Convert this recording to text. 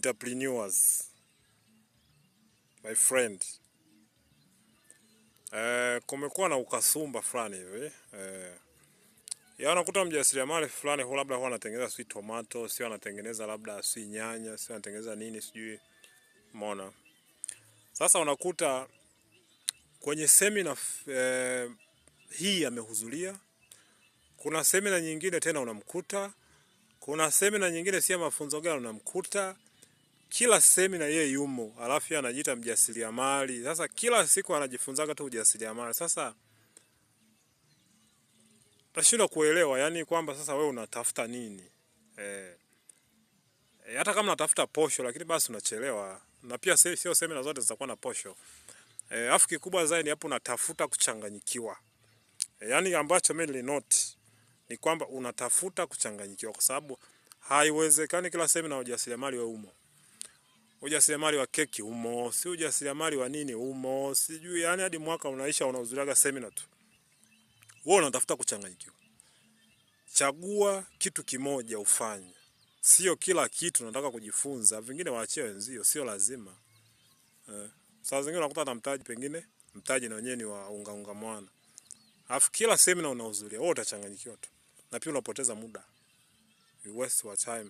entrepreneurs, my friend. uh, kumekuwa na ukasumba fulani hivi e, ya unakuta mjasiriamali fulani hu labda huwa anatengeneza sweet tomato, sio anatengeneza labda si nyanya, sio anatengeneza nini sijui, umeona. Sasa unakuta kwenye semina uh, eh, hii amehudhuria, kuna semina nyingine tena unamkuta, kuna semina nyingine si mafunzo gani unamkuta kila semina yeye yumo, alafu yeye anajiita mjasiriamali. Sasa kila siku anajifunzaga tu ujasiriamali. Sasa nashindwa kuelewa yani kwamba sasa wewe unatafuta nini eh? e, hata kama unatafuta posho lakini basi unachelewa, na pia sio semina zote zitakuwa na posho eh. afu kikubwa zaidi hapo unatafuta kuchanganyikiwa e, eh, yani ambacho mimi nilinoti ni kwamba unatafuta kuchanganyikiwa, kwa sababu haiwezekani kila semina ya ujasiriamali wewe umo ujasiriamali wa keki umo, si ujasiriamali wa nini umo, sijui yani, hadi mwaka unaisha unahudhuriaga seminar tu, wewe unatafuta kuchanganyikiwa. Chagua kitu kimoja ufanye, sio kila kitu nataka kujifunza, vingine waachie wenzio, sio lazima eh. Saa zingine unakuta hata mtaji pengine mtaji na wenyewe ni wa unga unga mwana, alafu kila semina unahudhuria, wewe utachanganyikiwa tu, na pia unapoteza muda, you waste your time.